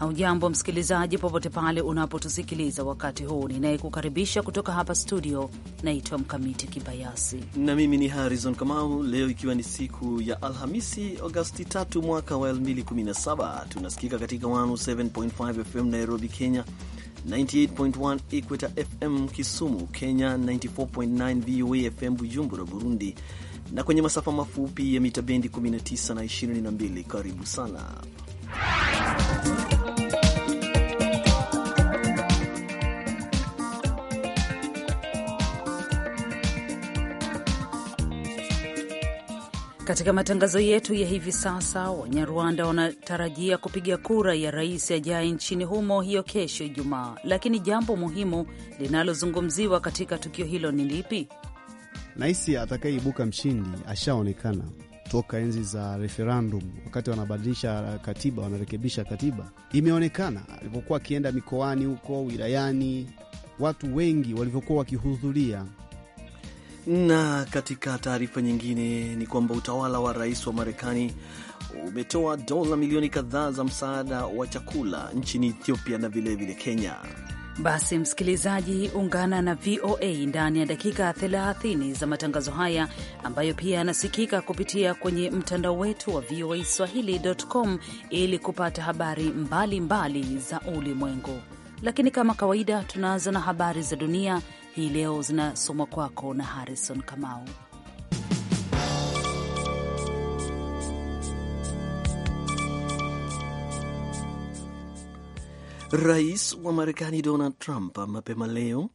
Haujambo msikilizaji, popote pale unapotusikiliza wakati huu. Ninayekukaribisha kutoka hapa studio naitwa Mkamiti Kibayasi na mimi ni Harrison Kamau. Leo ikiwa ni siku ya Alhamisi, Agosti 3 mwaka wa 2017, tunasikika katika 107.5 FM Nairobi, Kenya, 98.1 Equator FM Kisumu, Kenya, 94.9 VOA FM Bujumbura, Burundi, na kwenye masafa mafupi ya mita bendi 19 na 22. Karibu sana Katika matangazo yetu ya hivi sasa, Wanyarwanda wanatarajia kupiga kura ya rais ajaye nchini humo hiyo kesho Ijumaa. Lakini jambo muhimu linalozungumziwa katika tukio hilo ni lipi? Naisi atakayeibuka mshindi ashaonekana toka enzi za referendum, wakati wanabadilisha katiba, wanarekebisha katiba, imeonekana alivyokuwa akienda mikoani huko wilayani, watu wengi walivyokuwa wakihudhuria na katika taarifa nyingine ni kwamba utawala wa rais wa Marekani umetoa dola milioni kadhaa za msaada wa chakula nchini Ethiopia na vilevile vile Kenya. Basi msikilizaji, ungana na VOA ndani ya dakika 30 za matangazo haya ambayo pia yanasikika kupitia kwenye mtandao wetu wa VOA swahili.com ili kupata habari mbalimbali mbali za ulimwengu. Lakini kama kawaida, tunaanza na habari za dunia hii leo zinasomwa kwako na Harrison Kamau. Rais wa Marekani Donald Trump mapema leo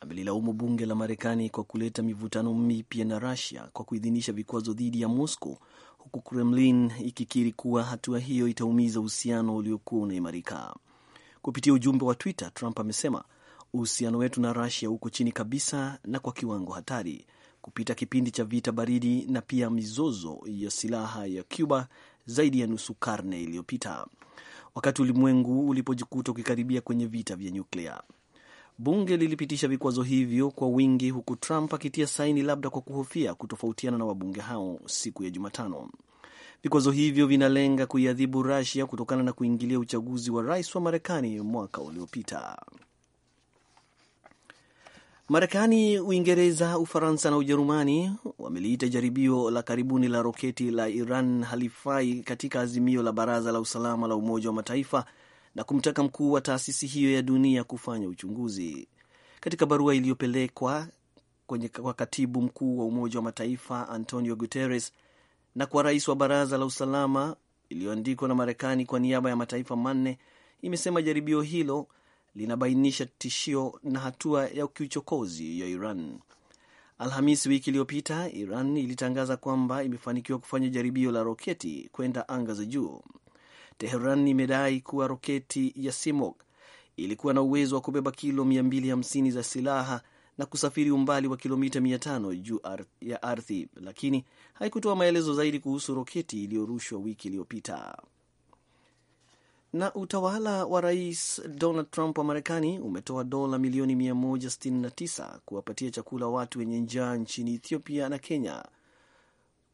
amelilaumu bunge la Marekani kwa kuleta mivutano mipya na Rusia kwa kuidhinisha vikwazo dhidi ya Moscow, huku Kremlin ikikiri kuwa hatua hiyo itaumiza uhusiano uliokuwa unaimarika. Kupitia ujumbe wa Twitter, Trump amesema uhusiano wetu na rasia uko chini kabisa na kwa kiwango hatari kupita kipindi cha vita baridi na pia mizozo ya silaha ya Cuba zaidi ya nusu karne iliyopita, wakati ulimwengu ulipojikuta ukikaribia kwenye vita vya nyuklia. Bunge lilipitisha vikwazo hivyo kwa wingi, huku Trump akitia saini, labda kwa kuhofia kutofautiana na wabunge hao siku ya Jumatano. Vikwazo hivyo vinalenga kuiadhibu rasia kutokana na kuingilia uchaguzi wa rais wa Marekani mwaka uliopita. Marekani, Uingereza, Ufaransa na Ujerumani wameliita jaribio la karibuni la roketi la Iran halifai katika azimio la Baraza la Usalama la Umoja wa Mataifa na kumtaka mkuu wa taasisi hiyo ya dunia kufanya uchunguzi. Katika barua iliyopelekwa kwa katibu mkuu wa Umoja wa Mataifa Antonio Guterres na kwa rais wa Baraza la Usalama iliyoandikwa na Marekani kwa niaba ya mataifa manne imesema jaribio hilo linabainisha tishio na hatua ya kiuchokozi ya Iran. Alhamis wiki iliyopita, Iran ilitangaza kwamba imefanikiwa kufanya jaribio la roketi kwenda anga za juu. Teheran imedai kuwa roketi ya Simog ilikuwa na uwezo wa kubeba kilo 250 za silaha na kusafiri umbali wa kilomita 500 juu ya ardhi, lakini haikutoa maelezo zaidi kuhusu roketi iliyorushwa wiki iliyopita. Na utawala wa Rais Donald Trump wa Marekani umetoa dola milioni 169 kuwapatia chakula watu wenye njaa nchini Ethiopia na Kenya,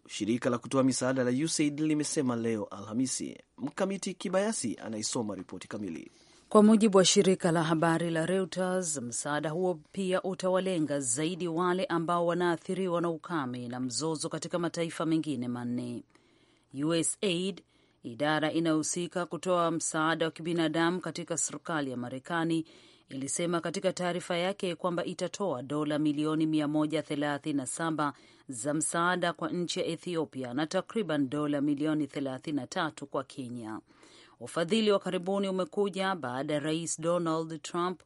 shirika la kutoa misaada la USAID limesema leo Alhamisi. Mkamiti Kibayasi anaisoma ripoti kamili. Kwa mujibu wa shirika la habari la Reuters, msaada huo pia utawalenga zaidi wale ambao wanaathiriwa na ukame na mzozo katika mataifa mengine manne. USAID Idara inayohusika kutoa msaada wa kibinadamu katika serikali ya Marekani ilisema katika taarifa yake kwamba itatoa dola milioni 137 za msaada kwa nchi ya Ethiopia na takriban dola milioni 33 kwa Kenya. Ufadhili wa karibuni umekuja baada ya Rais Donald Trump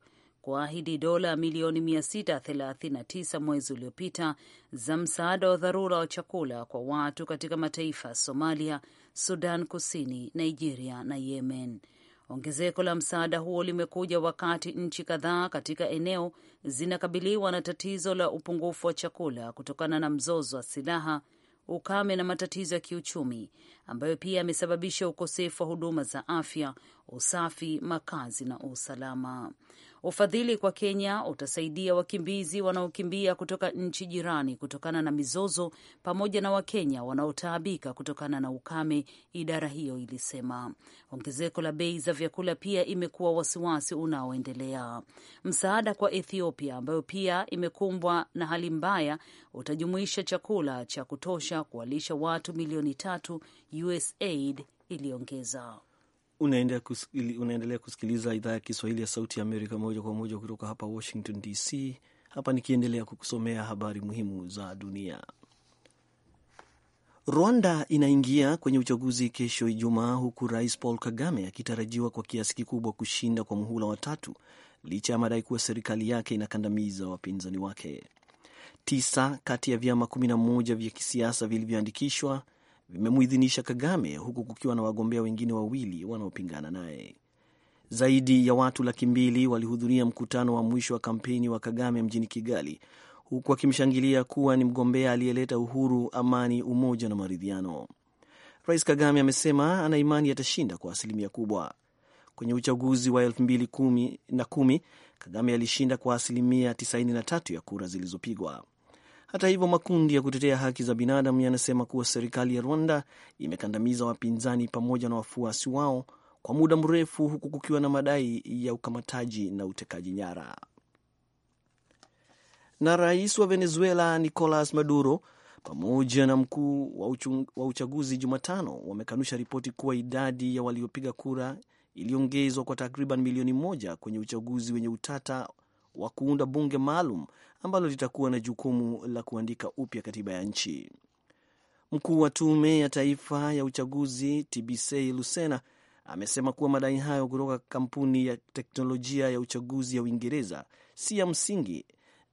kuahidi dola milioni 639 mwezi uliopita za msaada wa dharura wa chakula kwa watu katika mataifa ya Somalia, Sudan Kusini, Nigeria na Yemen. Ongezeko la msaada huo limekuja wakati nchi kadhaa katika eneo zinakabiliwa na tatizo la upungufu wa chakula kutokana na mzozo wa silaha, ukame na matatizo ya kiuchumi ambayo pia yamesababisha ukosefu wa huduma za afya, usafi, makazi na usalama. Ufadhili kwa Kenya utasaidia wakimbizi wanaokimbia kutoka nchi jirani kutokana na mizozo pamoja na Wakenya wanaotaabika kutokana na ukame, idara hiyo ilisema. Ongezeko la bei za vyakula pia imekuwa wasiwasi unaoendelea. Msaada kwa Ethiopia ambayo pia imekumbwa na hali mbaya utajumuisha chakula cha kutosha kuwalisha watu milioni tatu, USAID iliongeza. Unaendelea kusikiliza, kusikiliza idhaa ya Kiswahili ya Sauti ya Amerika moja kwa moja kutoka hapa Washington DC. Hapa nikiendelea kukusomea habari muhimu za dunia. Rwanda inaingia kwenye uchaguzi kesho Ijumaa, huku Rais Paul Kagame akitarajiwa kwa kiasi kikubwa kushinda kwa muhula wa tatu, licha ya madai kuwa serikali yake inakandamiza wapinzani wake. Tisa kati ya vyama kumi na moja vya kisiasa vilivyoandikishwa vimemuidhinisha Kagame, huku kukiwa na wagombea wengine wawili wanaopingana naye. Zaidi ya watu laki mbili walihudhuria mkutano wa mwisho wa kampeni wa Kagame mjini Kigali, huku akimshangilia kuwa ni mgombea aliyeleta uhuru, amani, umoja na maridhiano. Rais Kagame amesema ana imani atashinda kwa asilimia kubwa. Kwenye uchaguzi wa elfu mbili na kumi Kagame alishinda kwa asilimia 93 ya kura zilizopigwa. Hata hivyo, makundi ya kutetea haki za binadamu yanasema kuwa serikali ya Rwanda imekandamiza wapinzani pamoja na wafuasi wao kwa muda mrefu, huku kukiwa na madai ya ukamataji na utekaji nyara. Na rais wa Venezuela Nicolas Maduro pamoja na mkuu wa, uchung, wa uchaguzi Jumatano wamekanusha ripoti kuwa idadi ya waliopiga kura iliongezwa kwa takriban milioni moja kwenye uchaguzi wenye utata wa kuunda bunge maalum ambalo litakuwa na jukumu la kuandika upya katiba ya nchi. Mkuu wa Tume ya Taifa ya Uchaguzi TBC Lucena amesema kuwa madai hayo kutoka kampuni ya teknolojia ya uchaguzi ya Uingereza si ya msingi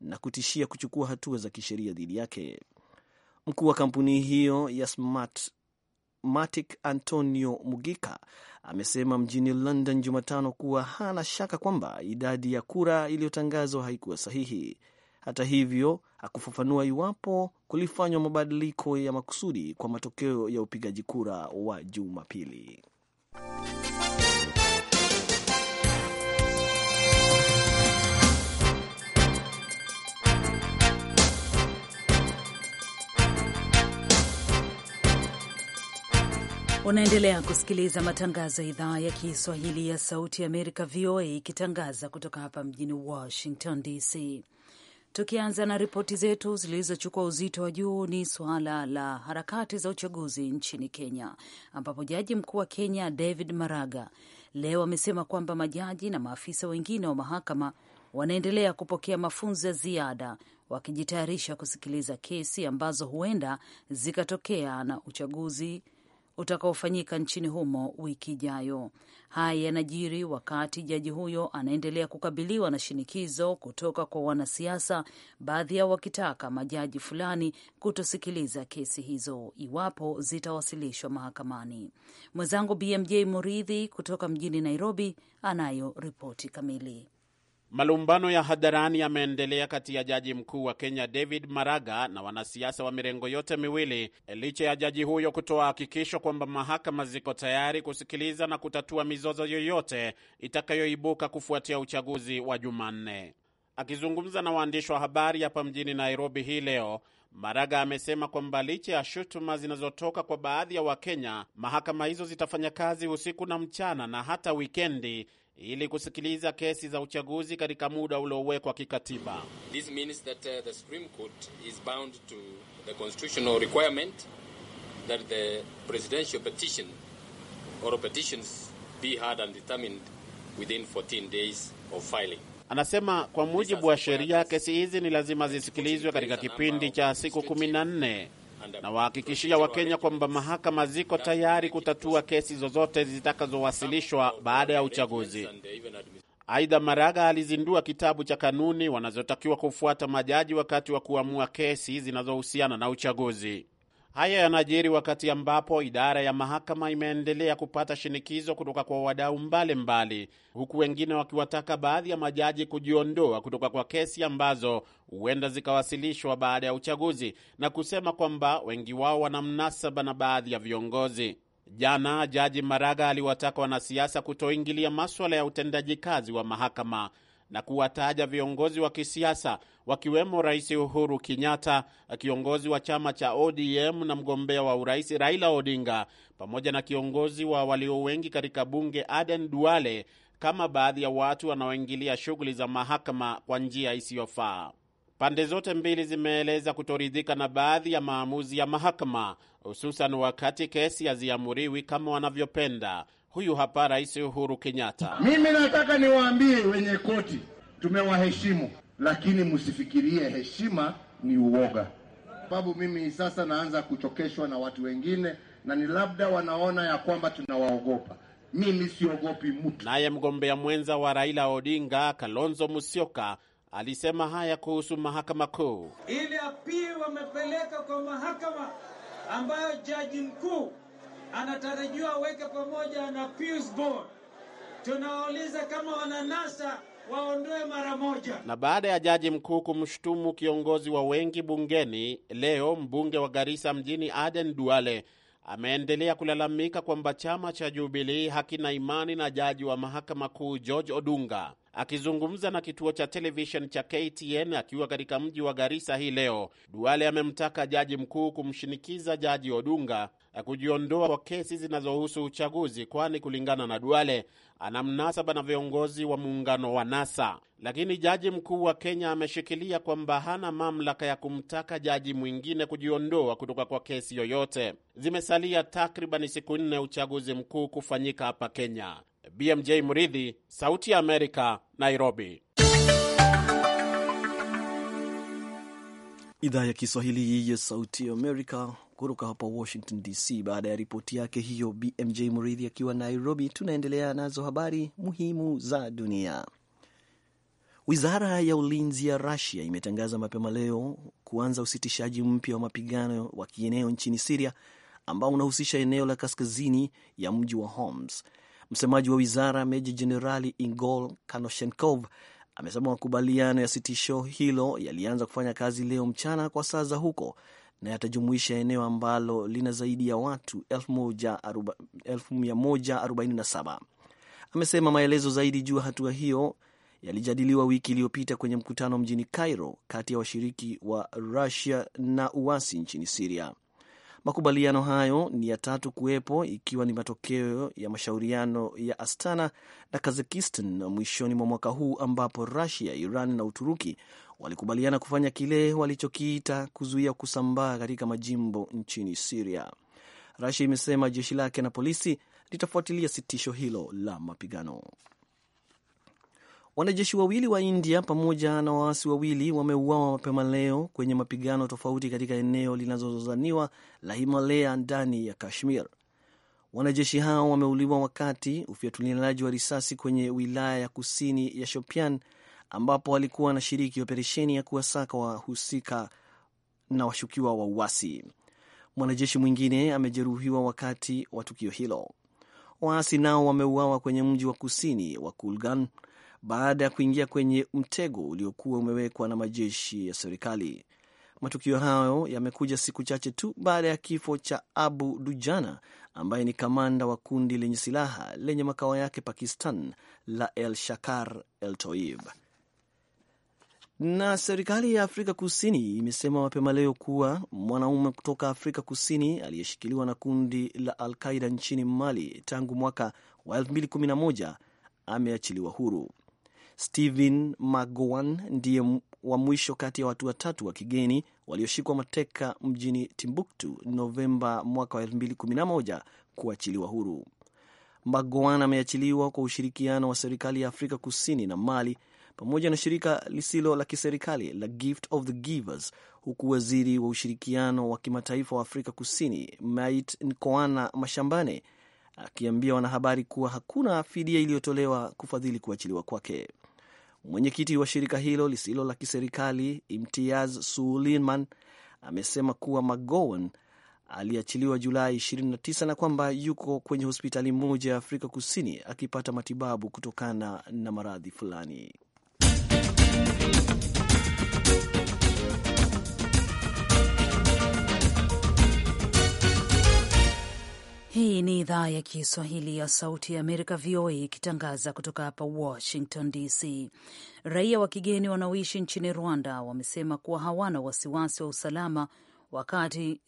na kutishia kuchukua hatua za kisheria dhidi yake. Mkuu wa kampuni hiyo ya Smartmatic Antonio Mugika amesema mjini London Jumatano kuwa hana shaka kwamba idadi ya kura iliyotangazwa haikuwa sahihi. Hata hivyo, hakufafanua iwapo kulifanywa mabadiliko ya makusudi kwa matokeo ya upigaji kura wa Jumapili. Unaendelea kusikiliza matangazo ya idhaa ya Kiswahili ya Sauti ya Amerika, VOA, ikitangaza kutoka hapa mjini Washington DC. Tukianza na ripoti zetu zilizochukua uzito wa juu ni suala la harakati za uchaguzi nchini Kenya, ambapo jaji mkuu wa Kenya David Maraga leo amesema kwamba majaji na maafisa wengine wa mahakama wanaendelea kupokea mafunzo ya ziada wakijitayarisha kusikiliza kesi ambazo huenda zikatokea na uchaguzi utakaofanyika nchini humo wiki ijayo. Haya yanajiri wakati jaji huyo anaendelea kukabiliwa na shinikizo kutoka kwa wanasiasa, baadhi yao wakitaka majaji fulani kutosikiliza kesi hizo iwapo zitawasilishwa mahakamani. Mwenzangu BMJ Muridhi kutoka mjini Nairobi anayo ripoti kamili. Malumbano ya hadharani yameendelea kati ya jaji mkuu wa Kenya David Maraga na wanasiasa wa mirengo yote miwili licha ya jaji huyo kutoa hakikisho kwamba mahakama ziko tayari kusikiliza na kutatua mizozo yoyote itakayoibuka kufuatia uchaguzi wa Jumanne. Akizungumza na waandishi wa habari hapa mjini Nairobi hii leo, Maraga amesema kwamba licha ya shutuma zinazotoka kwa baadhi ya Wakenya, mahakama hizo zitafanya kazi usiku na mchana na hata wikendi ili kusikiliza kesi za uchaguzi katika muda uliowekwa kikatiba. This means that, uh, the Supreme Court is bound to the constitutional requirement that the presidential petition or petitions be heard and determined within 14 days of filing. Anasema kwa mujibu wa sheria, kesi hizi ni lazima zisikilizwe katika kipindi cha siku 14 Nawahakikishia Wakenya kwamba mahakama ziko tayari kutatua kesi zozote zitakazowasilishwa baada ya uchaguzi. Aidha, Maraga alizindua kitabu cha kanuni wanazotakiwa kufuata majaji wakati wa kuamua kesi zinazohusiana na uchaguzi. Haya yanajiri wakati ambapo idara ya mahakama imeendelea kupata shinikizo kutoka kwa wadau mbalimbali, huku wengine wakiwataka baadhi ya majaji kujiondoa kutoka kwa kesi ambazo huenda zikawasilishwa baada ya uchaguzi na kusema kwamba wengi wao wana mnasaba na baadhi ya viongozi. Jana Jaji Maraga aliwataka wanasiasa kutoingilia maswala ya utendaji kazi wa mahakama na kuwataja viongozi wa kisiasa wakiwemo Rais Uhuru Kenyatta, kiongozi wa chama cha ODM na mgombea wa urais Raila Odinga, pamoja na kiongozi wa walio wengi katika bunge Aden Duale kama baadhi ya watu wanaoingilia shughuli za mahakama kwa njia isiyofaa. Pande zote mbili zimeeleza kutoridhika na baadhi ya maamuzi ya mahakama, hususan wakati kesi haziamuriwi kama wanavyopenda, Huyu hapa Rais Uhuru Kenyatta. Mimi nataka niwaambie wenye koti, tumewaheshimu, lakini msifikirie heshima ni uoga, sababu mimi sasa naanza kuchokeshwa na watu wengine, na ni labda wanaona ya kwamba tunawaogopa. Mimi siogopi mtu. Naye mgombea mwenza wa Raila Odinga Kalonzo Musyoka alisema haya kuhusu mahakama kuu. Ile apii wamepeleka kwa mahakama ambayo jaji mkuu anatarajiwa aweke pamoja na Pius Bond. Tunawauliza kama wananasa waondoe mara moja. Na baada ya jaji mkuu kumshutumu kiongozi wa wengi bungeni, leo mbunge wa Garissa mjini Aden Duale ameendelea kulalamika kwamba chama cha Jubilee hakina imani na jaji wa mahakama kuu George Odunga. Akizungumza na kituo cha televishen cha KTN akiwa katika mji wa Garisa hii leo, Duale amemtaka jaji mkuu kumshinikiza jaji Odunga kujiondoa kwa kesi zinazohusu uchaguzi, kwani kulingana na Duale ana mnasaba na viongozi wa muungano wa NASA. Lakini jaji mkuu wa Kenya ameshikilia kwamba hana mamlaka ya kumtaka jaji mwingine kujiondoa kutoka kwa kesi yoyote. Zimesalia takribani siku nne uchaguzi mkuu kufanyika hapa Kenya. BMJ Mridhi, Sauti ya Amerika, Nairobi. Idhaa ya Kiswahili ya Sauti ya Amerika kutoka hapa Washington DC. Baada ya ripoti yake hiyo, BMJ Mridhi akiwa Nairobi, tunaendelea nazo habari muhimu za dunia. Wizara ya ulinzi ya Rusia imetangaza mapema leo kuanza usitishaji mpya wa mapigano wa kieneo nchini Siria ambao unahusisha eneo la kaskazini ya mji wa Homs Msemaji wa wizara Meji Jenerali ingol Kanoshenkov amesema makubaliano ya sitisho hilo yalianza kufanya kazi leo mchana kwa saa za huko na yatajumuisha eneo ambalo lina zaidi ya watu 147 Amesema maelezo zaidi juu ya hatua hiyo yalijadiliwa wiki iliyopita kwenye mkutano mjini Cairo kati ya washiriki wa Rusia na uasi nchini Siria. Makubaliano hayo ni ya tatu kuwepo ikiwa ni matokeo ya mashauriano ya Astana na Kazakistan mwishoni mwa mwaka huu ambapo Rusia, Iran na Uturuki walikubaliana kufanya kile walichokiita kuzuia kusambaa katika majimbo nchini Siria. Rusia imesema jeshi lake na polisi litafuatilia sitisho hilo la mapigano. Wanajeshi wawili wa India pamoja na waasi wawili wameuawa mapema leo kwenye mapigano tofauti katika eneo linazozozaniwa la Himalaya ndani ya Kashmir. Wanajeshi hao wameuliwa wakati ufyatulianaji wa risasi kwenye wilaya ya kusini ya Shopian ambapo walikuwa wanashiriki operesheni ya kuwasaka wahusika na washukiwa wa uasi. Mwanajeshi mwingine amejeruhiwa wakati wa tukio hilo. Waasi nao wameuawa kwenye mji wa kusini wa Kulgan baada ya kuingia kwenye mtego uliokuwa umewekwa na majeshi ya serikali. Matukio hayo yamekuja siku chache tu baada ya kifo cha Abu Dujana ambaye ni kamanda wa kundi lenye silaha lenye makao yake Pakistan la El Shakar El Toib. Na serikali ya Afrika Kusini imesema mapema leo kuwa mwanaume kutoka Afrika Kusini aliyeshikiliwa na kundi la Al Qaida nchini Mali tangu mwaka wa 2011 ameachiliwa huru. Stephen Magowan ndiye wa mwisho kati ya watu watatu wa kigeni walioshikwa mateka mjini Timbuktu Novemba mwaka wa 2011 kuachiliwa huru. Magowan ameachiliwa kwa ushirikiano wa serikali ya Afrika Kusini na Mali pamoja na shirika lisilo la kiserikali la Gift of the Givers, huku waziri wa ushirikiano wa kimataifa wa Afrika Kusini Mait Nkoana Mashambane akiambia wanahabari kuwa hakuna fidia iliyotolewa kufadhili kuachiliwa kwake. Mwenyekiti wa shirika hilo lisilo la kiserikali Imtiaz Suliman amesema kuwa McGowan aliachiliwa Julai 29 na kwamba yuko kwenye hospitali moja ya Afrika Kusini akipata matibabu kutokana na maradhi fulani. Hii ni idhaa ya Kiswahili ya Sauti ya Amerika, VOA, ikitangaza kutoka hapa Washington DC. Raia wa kigeni wanaoishi nchini Rwanda wamesema kuwa hawana wasiwasi wa usalama wakati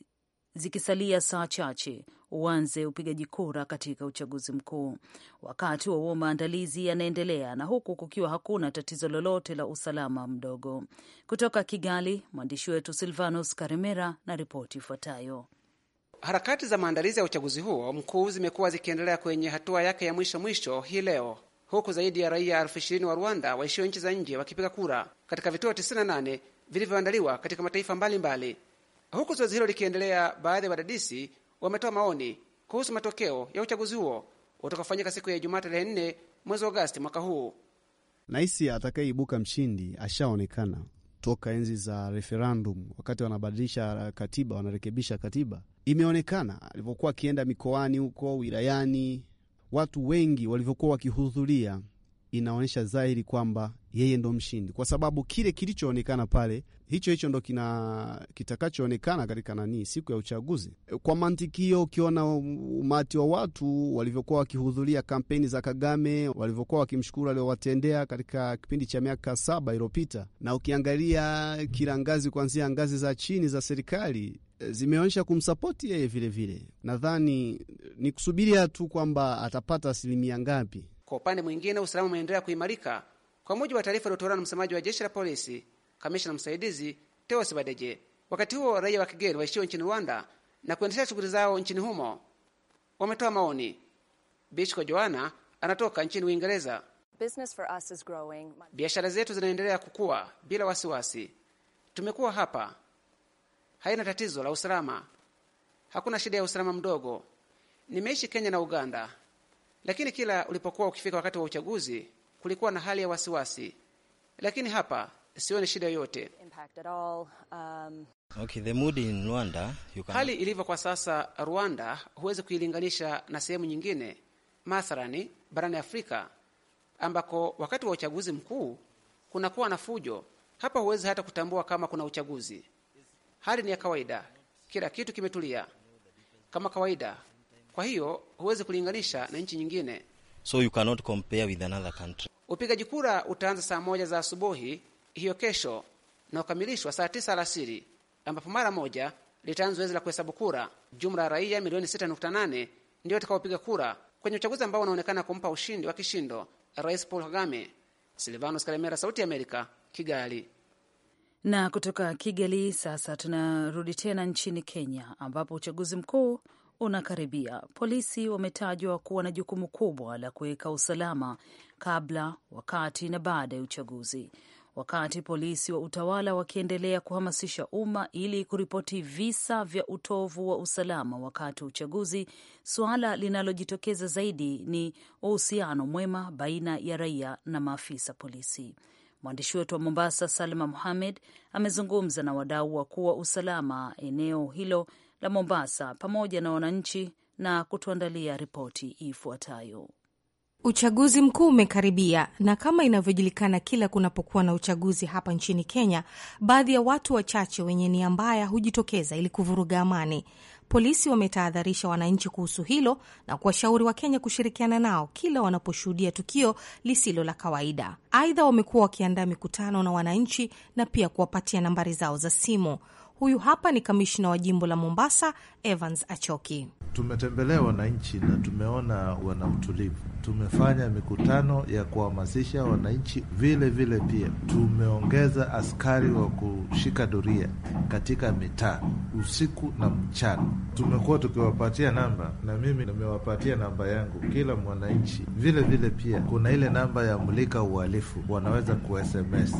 zikisalia saa chache uanze upigaji kura katika uchaguzi mkuu. Wakati wa huo maandalizi yanaendelea na huku kukiwa hakuna tatizo lolote la usalama mdogo. Kutoka Kigali, mwandishi wetu Silvanus Karimera na ripoti ifuatayo. Harakati za maandalizi ya uchaguzi huo mkuu zimekuwa zikiendelea kwenye hatua yake ya mwisho mwisho hii leo, huku zaidi ya raia elfu ishirini wa Rwanda waishio nchi za nje wakipiga kura katika vituo 98 vilivyoandaliwa katika mataifa mbalimbali mbali. Huku zoezi hilo likiendelea, baadhi ya wadadisi wametoa maoni kuhusu matokeo ya uchaguzi huo utakaofanyika siku ya Ijumaa tarehe 4 mwezi Agosti mwaka huu. Naisi atakayeibuka mshindi ashaonekana toka enzi za referendum, wakati wanabadilisha katiba, wanarekebisha katiba, imeonekana alivyokuwa akienda mikoani huko wilayani, watu wengi walivyokuwa wakihudhuria inaonyesha dhahiri kwamba yeye ndo mshindi, kwa sababu kile kilichoonekana pale hicho hicho ndo kina kitakachoonekana katika nani siku ya uchaguzi. Kwa mantiki hiyo, ukiona umati wa watu walivyokuwa wakihudhuria kampeni za Kagame, walivyokuwa wakimshukuru aliowatendea katika kipindi cha miaka saba iliyopita, na ukiangalia kila ngazi, kuanzia ngazi za chini za serikali eh, zimeonyesha kumsapoti yeye vilevile, nadhani eh, ni kusubiria tu kwamba atapata asilimia ngapi kwa upande mwingine, usalama umeendelea kuimarika. Kwa mujibu wa taarifa iliyotolewa na msemaji wa jeshi la polisi, kamishna msaidizi Teos Badeje, wakati huo raia wa kigeni waishio nchini Rwanda na kuendesha shughuli zao nchini humo wametoa maoni. Bishko Joana anatoka nchini Uingereza. Biashara zetu zinaendelea kukua bila wasiwasi. Tumekuwa hapa, haina tatizo la usalama, hakuna shida ya usalama mdogo. Nimeishi Kenya na Uganda, lakini kila ulipokuwa ukifika wakati wa uchaguzi kulikuwa na hali ya wasiwasi, lakini hapa sioni shida yoyote. Um... okay, the mood in Rwanda, you can... hali ilivyo kwa sasa Rwanda huwezi kuilinganisha na sehemu nyingine, mathalani barani Afrika ambako wakati wa uchaguzi mkuu kunakuwa na fujo. Hapa huwezi hata kutambua kama kuna uchaguzi. Hali ni ya kawaida, kila kitu kimetulia kama kawaida. Kwa hiyo huwezi kulinganisha na nchi nyingine. So you cannot compare with another country. Upigaji kura utaanza saa moja za asubuhi hiyo kesho na ukamilishwa saa tisa alasiri, ambapo mara moja litaanza zoezi la kuhesabu kura. Jumla ya raia milioni 6.8 ndio watakaopiga kura kwenye uchaguzi ambao unaonekana kumpa ushindi wa kishindo Rais Paul Kagame. Silvanus Kalemera, Sauti ya Amerika, Kigali. Na kutoka Kigali sasa tunarudi tena nchini Kenya ambapo uchaguzi mkuu unakaribia, polisi wametajwa kuwa na jukumu kubwa la kuweka usalama kabla, wakati na baada ya uchaguzi. Wakati polisi wa utawala wakiendelea kuhamasisha umma ili kuripoti visa vya utovu wa usalama wakati wa uchaguzi, suala linalojitokeza zaidi ni uhusiano mwema baina ya raia na maafisa polisi. Mwandishi wetu wa Mombasa, Salma muhamed amezungumza na wadau wakuu wa usalama eneo hilo la Mombasa pamoja na wananchi na kutuandalia ripoti ifuatayo. Uchaguzi mkuu umekaribia na kama inavyojulikana kila kunapokuwa na uchaguzi hapa nchini Kenya, baadhi ya watu wachache wenye nia mbaya hujitokeza ili kuvuruga amani. Polisi wametahadharisha wananchi kuhusu hilo na kuwashauri Wakenya kushirikiana nao kila wanaposhuhudia tukio lisilo la kawaida. Aidha, wamekuwa wakiandaa mikutano na wananchi na pia kuwapatia nambari zao za simu. Huyu hapa ni kamishna wa jimbo la Mombasa, Evans Achoki. tumetembelea wananchi na tumeona wana utulivu. Tumefanya mikutano ya kuhamasisha wananchi, vile vile pia tumeongeza askari wa kushika doria katika mitaa usiku na mchana. Tumekuwa tukiwapatia namba, na mimi nimewapatia namba yangu kila mwananchi. Vile vile pia kuna ile namba ya mulika uhalifu, wanaweza ku SMS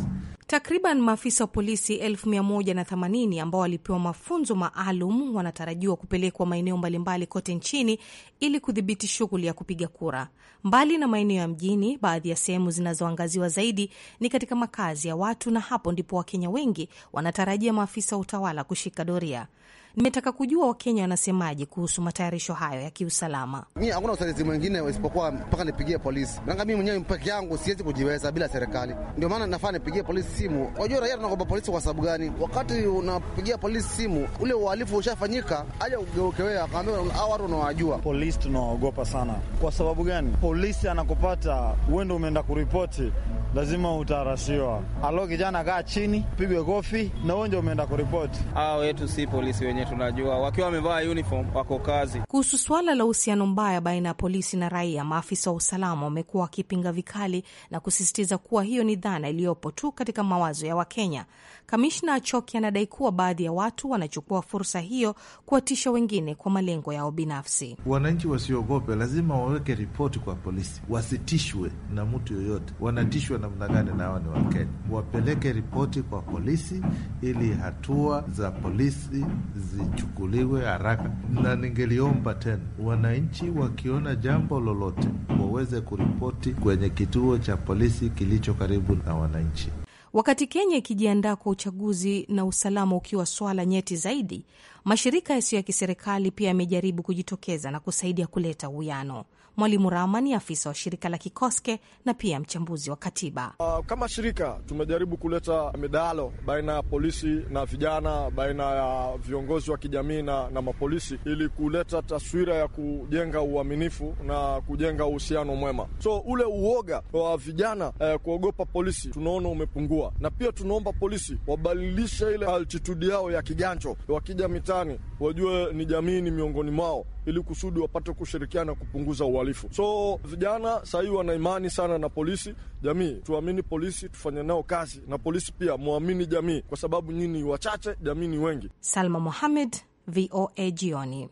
Takriban maafisa wa polisi 1180 ambao walipewa mafunzo maalum wanatarajiwa kupelekwa maeneo mbalimbali kote nchini ili kudhibiti shughuli ya kupiga kura. Mbali na maeneo ya mjini, baadhi ya sehemu zinazoangaziwa zaidi ni katika makazi ya watu, na hapo ndipo Wakenya wengi wanatarajia maafisa wa utawala kushika doria. Nimetaka kujua Wakenya wanasemaje kuhusu matayarisho hayo ya kiusalama. Mi hakuna usaidizi mwingine isipokuwa mpaka nipigie polisi. Nanga mi mwenyewe peke yangu siwezi kujiweza bila serikali, ndio maana nafaa nipigie polisi simu. Unajua raia tunakopa polisi kwa sababu gani? Wakati unapigia polisi simu, ule uhalifu ushafanyika, aje ugeukewea akaambia hao watu unawajua. Polisi tunaogopa sana. Kwa sababu gani? Polisi anakupata wewe ndio umeenda kuripoti, lazima utaarashiwa. Alo kijana, kaa chini, pigwe kofi na wewe ndio umeenda kuripoti. Ah, wetu si polisi wenyewe, tunajua wakiwa wamevaa uniform wako kazi. Kuhusu swala la uhusiano mbaya baina ya polisi na raia, maafisa wa usalama wamekuwa wakipinga vikali na kusisitiza kuwa hiyo ni dhana iliyopo tu katika mawazo ya Wakenya. Kamishna Choki anadai kuwa baadhi ya watu wanachukua fursa hiyo kuwatisha wengine kwa malengo yao binafsi. Wananchi wasiogope, lazima waweke ripoti kwa polisi, wasitishwe na mtu yoyote. Wanatishwa namna gani? Na hawa ni Wakenya, wapeleke ripoti kwa polisi ili hatua za polisi zichukuliwe haraka. Na ningeliomba tena wananchi wakiona jambo lolote waweze kuripoti kwenye kituo cha polisi kilicho karibu na wananchi. Wakati Kenya ikijiandaa kwa uchaguzi na usalama ukiwa swala nyeti zaidi, mashirika yasiyo ya kiserikali pia yamejaribu kujitokeza na kusaidia kuleta uwiano. Mwalimu Rama ni afisa wa shirika la Kikoske na pia mchambuzi wa katiba. Uh, kama shirika tumejaribu kuleta midahalo baina ya polisi na vijana, baina ya viongozi wa kijamii na, na mapolisi ili kuleta taswira ya kujenga uaminifu na kujenga uhusiano mwema. So ule uoga wa vijana eh, kuogopa polisi tunaona umepungua, na pia tunaomba polisi wabadilishe ile altitudi yao ya kiganjo, wakija mitaani wajue ni jamii ni miongoni mwao ili kusudi wapate kushirikiana kupunguza uhalifu. So vijana sahii wana imani sana na polisi. Jamii tuamini polisi, tufanye nao kazi, na polisi pia mwamini jamii, kwa sababu nyinyi wachache, jamii ni wengi. Salma Mohamed, VOA Jioni.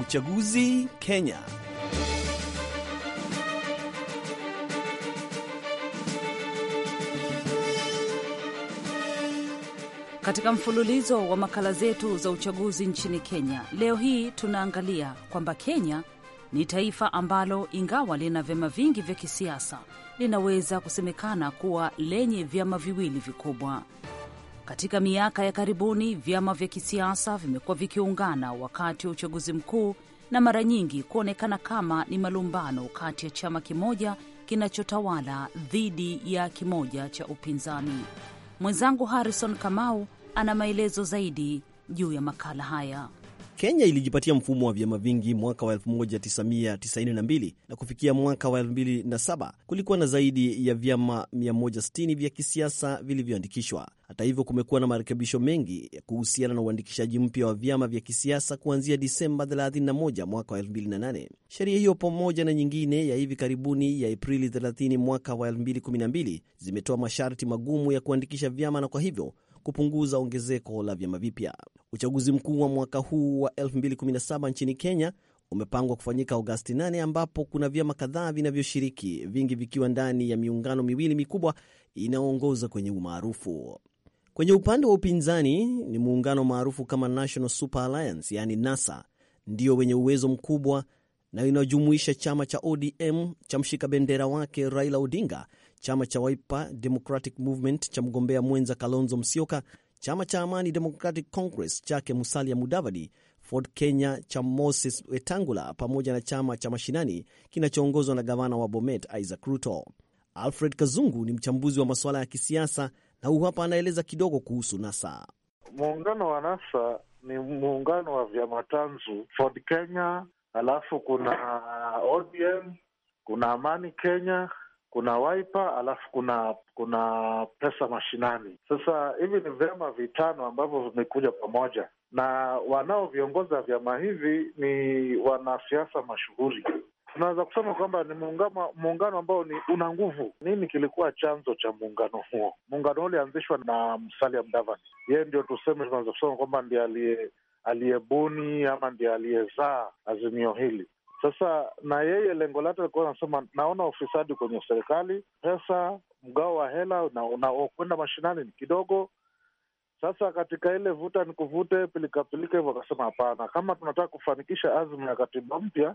Uchaguzi Kenya. Katika mfululizo wa makala zetu za uchaguzi nchini Kenya, leo hii tunaangalia kwamba Kenya ni taifa ambalo ingawa lina vyama vingi vya kisiasa linaweza kusemekana kuwa lenye vyama viwili vikubwa. Katika miaka ya karibuni vyama vya kisiasa vimekuwa vikiungana wakati wa uchaguzi mkuu na mara nyingi kuonekana kama ni malumbano kati ya chama kimoja kinachotawala dhidi ya kimoja cha upinzani. Mwenzangu Harrison Kamau ana maelezo zaidi juu ya makala haya. Kenya ilijipatia mfumo wa vyama vingi mwaka wa 1992 na kufikia mwaka wa 2007 kulikuwa na zaidi ya vyama 160 vya kisiasa vilivyoandikishwa. Hata hivyo, kumekuwa na marekebisho mengi ya kuhusiana na uandikishaji mpya wa vyama vya kisiasa kuanzia Disemba 31 mwaka wa 2008. Sheria hiyo pamoja na nyingine ya hivi karibuni ya Aprili 30 mwaka wa 2012 zimetoa masharti magumu ya kuandikisha vyama na kwa hivyo kupunguza ongezeko la vyama vipya. Uchaguzi mkuu wa mwaka huu wa 2017 nchini Kenya umepangwa kufanyika Agosti 8 ambapo kuna vyama kadhaa vinavyoshiriki, vingi vikiwa ndani ya miungano miwili mikubwa inayoongoza kwenye umaarufu. Kwenye upande wa upinzani ni muungano maarufu kama National Super Alliance, yani NASA, ndio wenye uwezo mkubwa na inayojumuisha chama cha ODM cha mshika bendera wake Raila Odinga, chama cha Wiper Democratic Movement cha mgombea mwenza Kalonzo Musyoka, chama cha Amani Democratic Congress chake Musalia Mudavadi, Ford Kenya cha Moses Wetangula pamoja na chama cha Mashinani kinachoongozwa na gavana wa Bomet Isaac Ruto. Alfred Kazungu ni mchambuzi wa masuala ya kisiasa na huu hapa anaeleza kidogo kuhusu NASA. Muungano wa NASA ni muungano wa vyama tanzu Ford Kenya alafu kuna ODM, kuna Amani Kenya, kuna Wiper, alafu kuna kuna pesa mashinani. Sasa hivi ni vyama vitano ambavyo vimekuja pamoja na wanaoviongoza vyama hivi ni wanasiasa mashuhuri. Tunaweza kusema kwamba ni muungano ambao ni una nguvu. Nini kilikuwa chanzo cha muungano huo? Muungano huo ulianzishwa na Musalia Mudavadi, yeye ndio tuseme, tunaweza kusema kwamba ndiye aliye aliyebuni ama ndiye aliyezaa azimio hili. Sasa na yeye lengo lake alikuwa anasema, naona ufisadi kwenye serikali, pesa mgao wa hela na kwenda mashinani ni kidogo. Sasa katika ile vuta ni kuvute, pilikapilika hivyo, akasema hapana, kama tunataka kufanikisha azma ya katiba mpya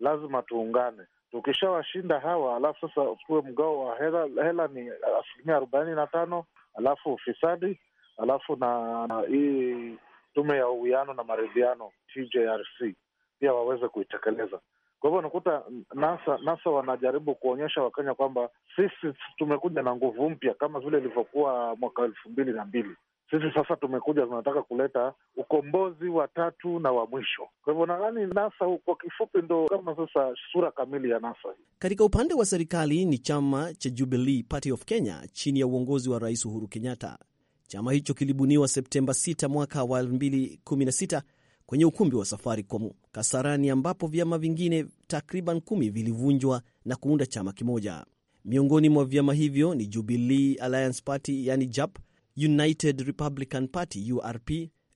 lazima tuungane. Tukishawashinda hawa, alafu sasa tuwe mgao wa hela, hela ni asilimia arobaini na tano alafu ufisadi alafu na hii tume ya uwiano na maridhiano TJRC pia waweze kuitekeleza. Kwa hivyo unakuta NASA NASA wanajaribu kuonyesha Wakenya kwamba sisi tumekuja na nguvu mpya kama vile ilivyokuwa mwaka elfu mbili na mbili. Sisi sasa tumekuja, tunataka kuleta ukombozi wa tatu na wa mwisho. Kwa hivyo nadhani NASA kwa kifupi ndo kama sasa sura kamili ya NASA. Katika upande wa serikali ni chama cha Jubilee Party of Kenya chini ya uongozi wa Rais Uhuru Kenyatta. Chama hicho kilibuniwa Septemba 6 mwaka wa 2016 kwenye ukumbi wa Safaricom Kasarani, ambapo vyama vingine takriban kumi vilivunjwa na kuunda chama kimoja. Miongoni mwa vyama hivyo ni Jubilee Alliance Party yani JAP, United Republican Party URP,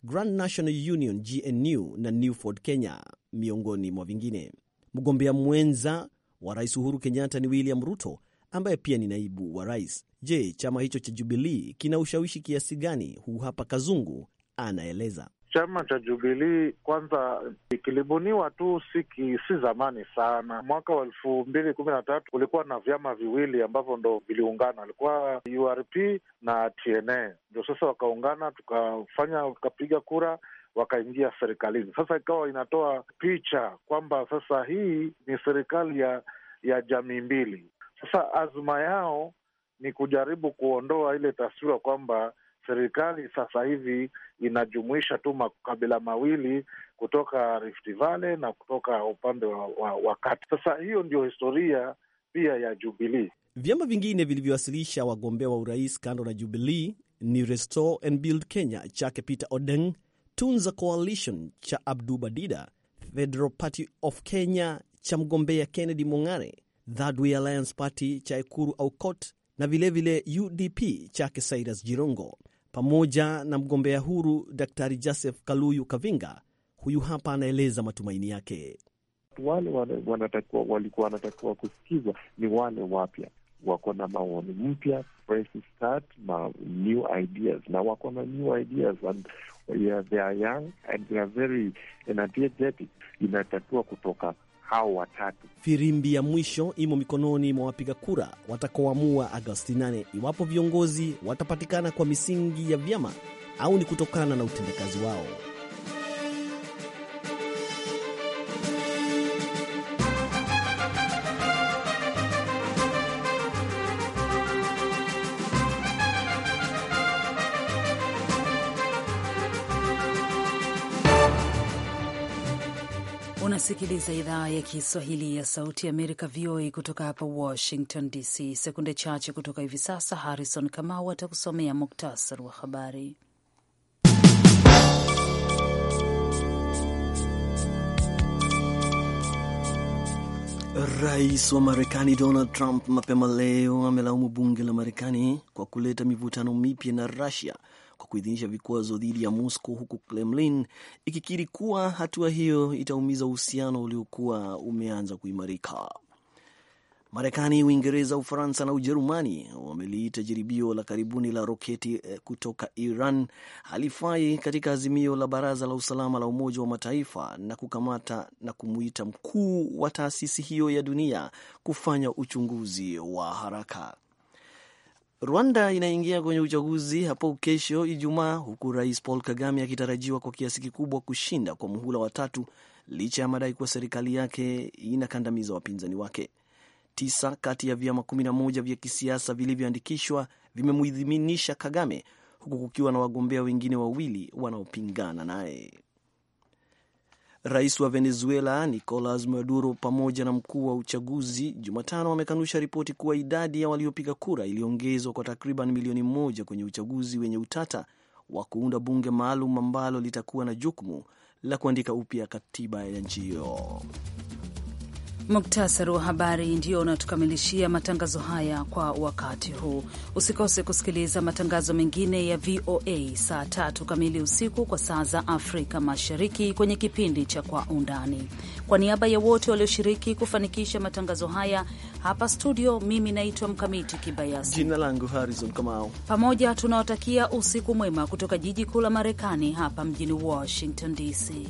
Grand National Union GNU na Newford Kenya, miongoni mwa vingine. Mgombea mwenza wa rais Uhuru Kenyatta ni William Ruto ambaye pia ni naibu wa rais. Je, chama hicho cha Jubilii kina ushawishi kiasi gani? Huu hapa Kazungu anaeleza. Chama cha Jubilii kwanza kilibuniwa tu si, si zamani sana. Mwaka wa elfu mbili kumi na tatu kulikuwa na vyama viwili ambavyo ndo viliungana, alikuwa URP na TNA, ndio sasa wakaungana, tukafanya tukapiga kura wakaingia serikalini. Sasa ikawa inatoa picha kwamba sasa hii ni serikali ya ya jamii mbili. Sasa azma yao ni kujaribu kuondoa ile taswira kwamba serikali sasa hivi inajumuisha tu makabila mawili kutoka Rift Valley na kutoka upande wa, wa, wa kati. Sasa hiyo ndio historia pia ya Jubilee. Vyama vingine vilivyowasilisha wagombea wa urais kando na Jubilee ni Restore and Build Kenya chake Peter Odeng, Tunza Coalition cha Abdu Badida, Federal Party of Kenya cha mgombea Kennedy Mong'are, Third Way Alliance Party cha Ekuru Aukot na vilevile vile UDP chake Cyrus Jirongo pamoja na mgombea huru Daktari Joseph Kaluyu Kavinga. Huyu hapa anaeleza matumaini yake. Wale wanatakiwa walikuwa wanatakiwa kusikizwa ni wale wapya, wako na maoni mpya, fresh start, ma new ideas, na wako na new ideas and they are young and they are very energetic. Inatakiwa kutoka hao watatu. Firimbi ya mwisho imo mikononi mwa wapiga kura watakaoamua Agosti 8 iwapo viongozi watapatikana kwa misingi ya vyama au ni kutokana na utendakazi wao. kusikiliza idhaa ya Kiswahili ya Sauti ya Amerika, VOA, kutoka hapa Washington DC. Sekunde chache kutoka hivi sasa, Harrison Kamau atakusomea muktasari wa habari. Rais wa Marekani Donald Trump mapema leo amelaumu bunge la Marekani kwa kuleta mivutano mipya na rusia kwa kuidhinisha vikwazo dhidi ya Moscow, huku Kremlin ikikiri kuwa hatua hiyo itaumiza uhusiano uliokuwa umeanza kuimarika. Marekani, Uingereza, Ufaransa na Ujerumani wameliita jaribio la karibuni la roketi eh, kutoka Iran halifai katika azimio la Baraza la Usalama la Umoja wa Mataifa na kukamata na kumuita mkuu wa taasisi hiyo ya dunia kufanya uchunguzi wa haraka. Rwanda inaingia kwenye uchaguzi hapo kesho Ijumaa, huku rais Paul Kagame akitarajiwa kwa kiasi kikubwa kushinda kwa muhula wa tatu licha ya madai kuwa serikali yake inakandamiza wapinzani wake. Tisa kati ya vyama kumi na moja vya kisiasa vilivyoandikishwa vimemuidhiminisha Kagame, huku kukiwa na wagombea wengine wawili wanaopingana naye. Rais wa Venezuela Nicolas Maduro pamoja na mkuu wa uchaguzi Jumatano wamekanusha ripoti kuwa idadi ya waliopiga kura iliongezwa kwa takriban milioni moja kwenye uchaguzi wenye utata wa kuunda bunge maalum ambalo litakuwa na jukumu la kuandika upya katiba ya nchi hiyo. Muktasari wa habari ndio unatukamilishia matangazo haya kwa wakati huu. Usikose kusikiliza matangazo mengine ya VOA saa tatu kamili usiku kwa saa za Afrika Mashariki kwenye kipindi cha Kwa Undani. Kwa niaba ya wote walioshiriki kufanikisha matangazo haya hapa studio, mimi naitwa Mkamiti Kibayasi. Jina langu Harrison Kamau. Pamoja tunawatakia usiku mwema kutoka jiji kuu la Marekani, hapa mjini Washington DC.